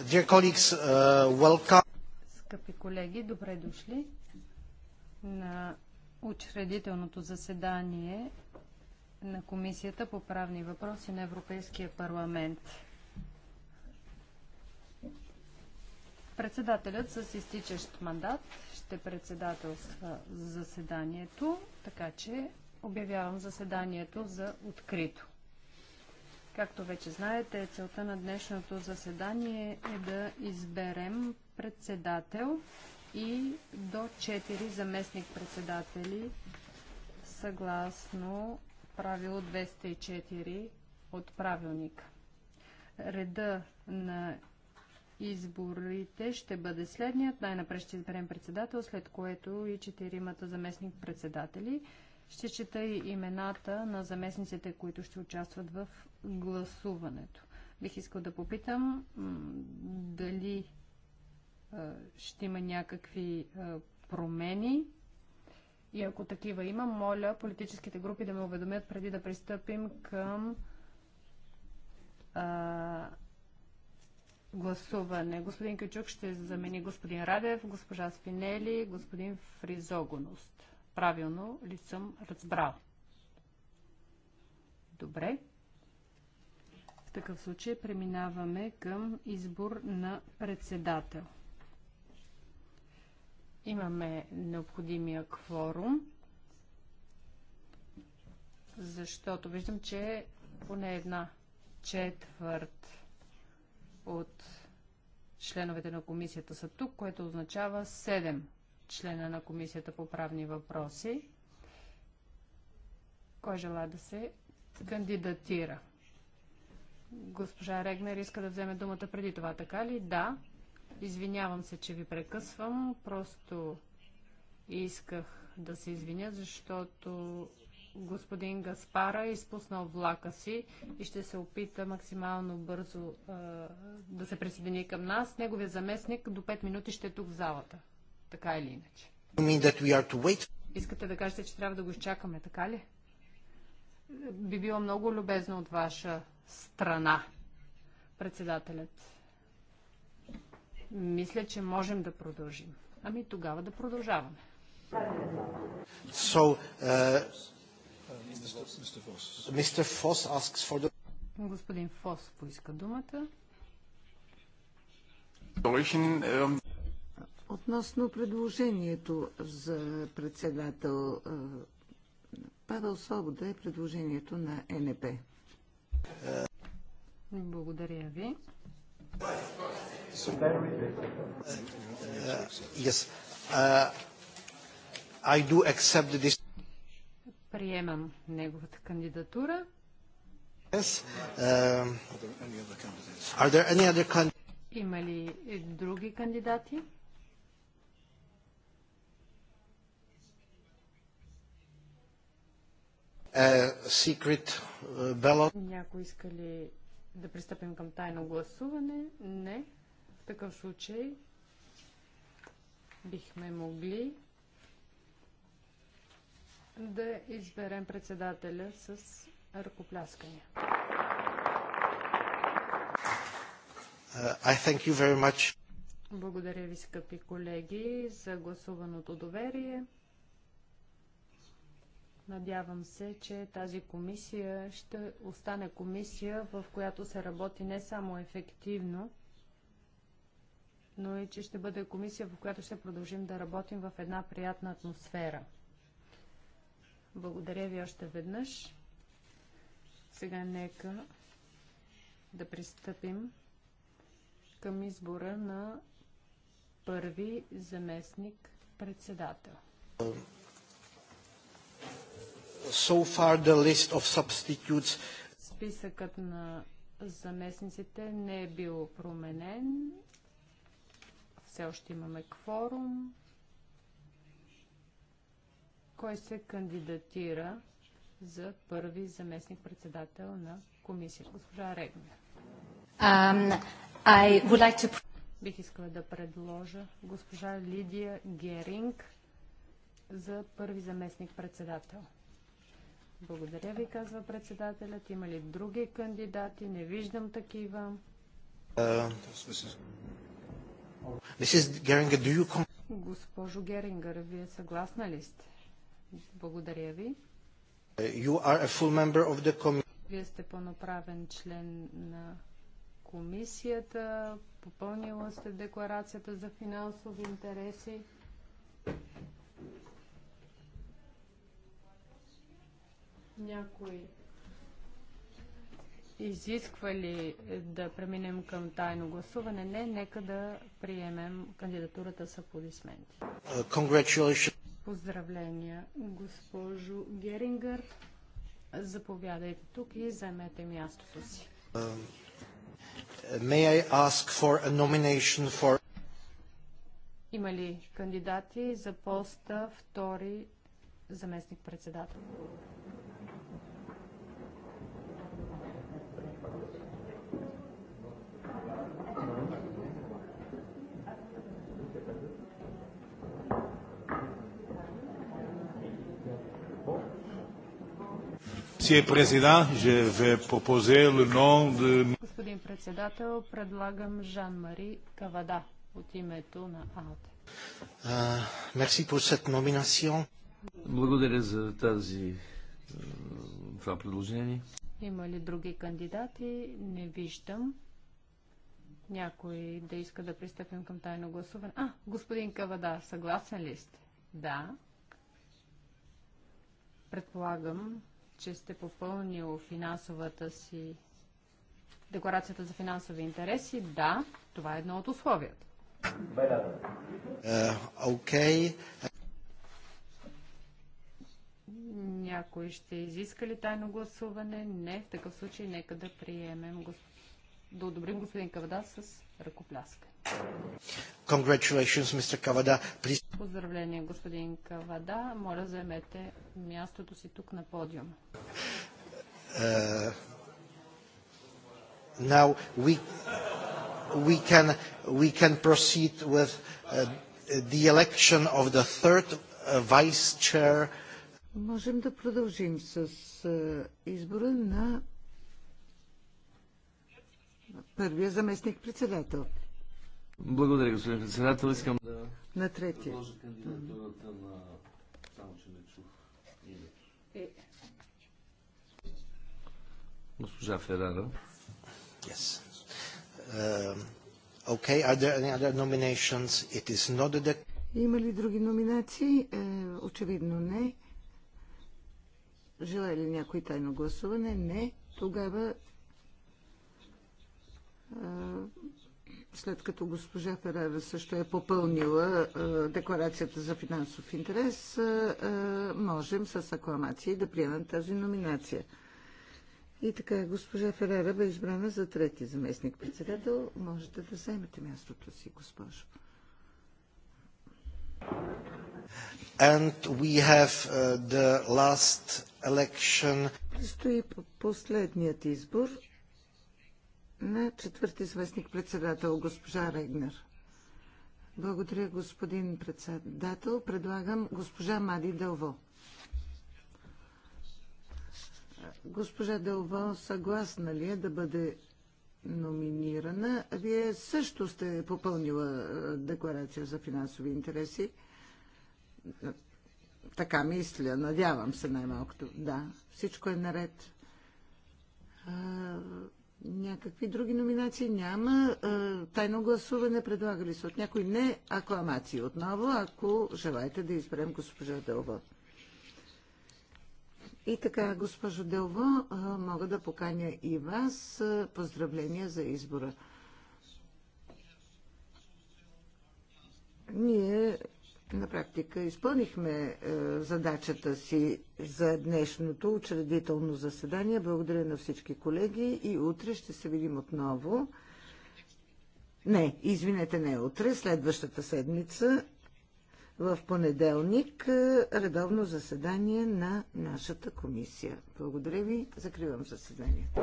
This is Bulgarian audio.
Uh, Скъпи колеги, добре дошли на учредителното заседание на Комисията по правни въпроси на Европейския парламент. Председателят с изтичащ мандат ще председателства заседанието, така че обявявам заседанието за открито. Както вече знаете, целта на днешното заседание е да изберем председател и до 4 заместник-председатели съгласно правило 204 от правилника. Реда на изборите ще бъде следният. Най-напред ще изберем председател, след което и четиримата заместник председатели. Ще чета и имената на заместниците, които ще участват в гласуването. Бих искал да попитам дали е, ще има някакви е, промени и ако такива има, моля политическите групи да ме уведомят преди да пристъпим към е, гласуване. Господин Кючук ще замени господин Радев, госпожа Спинели, господин Фризогоност. Правилно ли съм разбрал? Добре. В такъв случай преминаваме към избор на председател. Имаме необходимия кворум, защото виждам, че поне една четвърт от членовете на комисията са тук, което означава 7 члена на комисията по правни въпроси. Кой желая да се кандидатира? Госпожа Регнер иска да вземе думата преди това, така ли? Да. Извинявам се, че ви прекъсвам. Просто исках да се извиня, защото господин Гаспара е изпуснал влака си и ще се опита максимално бързо а, да се присъедини към нас. Неговия заместник до 5 минути ще е тук в залата. Така или иначе. Искате да кажете, че трябва да го изчакаме, така ли? Би било много любезно от ваша страна, председателят. Мисля, че можем да продължим. Ами тогава да продължаваме. So, uh, Mr. Foss asks for the... Господин Фос поиска думата. Относно предложението за председател Павел Свобода е предложението на НП. Благодаря ви. Yes. uh, I do accept this приемам неговата кандидатура. Yes. Um, other... Има ли други кандидати? Uh, Някой иска ли да пристъпим към тайно гласуване? Не. В такъв случай бихме могли да изберем председателя с ръкопляскания. Uh, I thank you very much. Благодаря ви, скъпи колеги, за гласуваното доверие. Надявам се, че тази комисия ще остане комисия, в която се работи не само ефективно, но и че ще бъде комисия, в която ще продължим да работим в една приятна атмосфера. Благодаря ви още веднъж. Сега нека да пристъпим към избора на първи заместник председател. So far the list of substitutes. Списъкът на заместниците не е бил променен. Все още имаме кворум. Кой се кандидатира за първи заместник-председател на комисията? Госпожа Регнер. Um, like to... Бих искала да предложа госпожа Лидия Геринг за първи заместник-председател. Благодаря ви, казва председателят. Има ли други кандидати? Не виждам такива. Uh, Госпожо Герингър, вие съгласна ли сте? Благодаря ви. You are a full member of the Вие сте пълноправен член на комисията, попълнила сте декларацията за финансови интереси. Някой изисква ли да преминем към тайно гласуване? Не, нека да приемем кандидатурата с аплодисменти. Uh, Поздравления, госпожо Герингър. Заповядайте тук и займете мястото си. Um, for... Има ли кандидати за поста втори заместник-председател? Господин председател, предлагам Жан-Мари Кавада от името на АОТ. Благодаря за тази, това предложение. Има ли други кандидати? Не виждам. Някой да иска да пристъпим към тайно гласуване. А, господин Кавада, съгласен ли сте? Да. Предполагам, че сте попълнил финансовата си декларацията за финансови интереси. Да, това е едно от условията. Uh, е, okay. Някой ще изиска ли тайно гласуване? Не. В такъв случай нека да приемем да одобрим господин Кавада с ръкопляска. Congratulations, Mr. Kavada. Please... Поздравление, господин Кавада. Моля, заемете мястото си тук на подиум. Uh, now we, we, can, we can proceed with uh, the election of the third uh, vice chair. Можем да продължим с uh, избора на първия заместник председател. Благодаря, господин председател. Искам да на третия. Може кандидатурата на... Само, че не чух името. Е. Госпожа Ферара. Yes. Uh, okay, are there any other nominations? It is not the... Има ли други номинации? Uh, очевидно не. Желая ли някой тайно гласуване? Не. Тогава след като госпожа Ферера също е попълнила е, декларацията за финансов интерес, е, е, можем с акламации да приемем тази номинация. И така, госпожа Ферера бе избрана за трети заместник председател. Можете да вземете мястото си, госпожо. And we have е, the last election. Предстои последният избор на четвърти свестник председател, госпожа Регнер. Благодаря, господин председател. Предлагам госпожа Мади Дълво. Госпожа Дълво, съгласна ли е да бъде номинирана? Вие също сте попълнила декларация за финансови интереси. Така мисля, надявам се най-малкото. Да, всичко е наред. Някакви други номинации няма. Е, тайно гласуване предлага ли се от някой? Не. Акламации отново, ако желаете да изберем госпожа Дълва. И така, госпожо Дълво, е, мога да поканя и вас. Е, поздравления за избора. Ние на практика изпълнихме е, задачата си за днешното учредително заседание. Благодаря на всички колеги и утре ще се видим отново. Не, извинете, не утре, следващата седмица в понеделник е, редовно заседание на нашата комисия. Благодаря ви, закривам заседанието.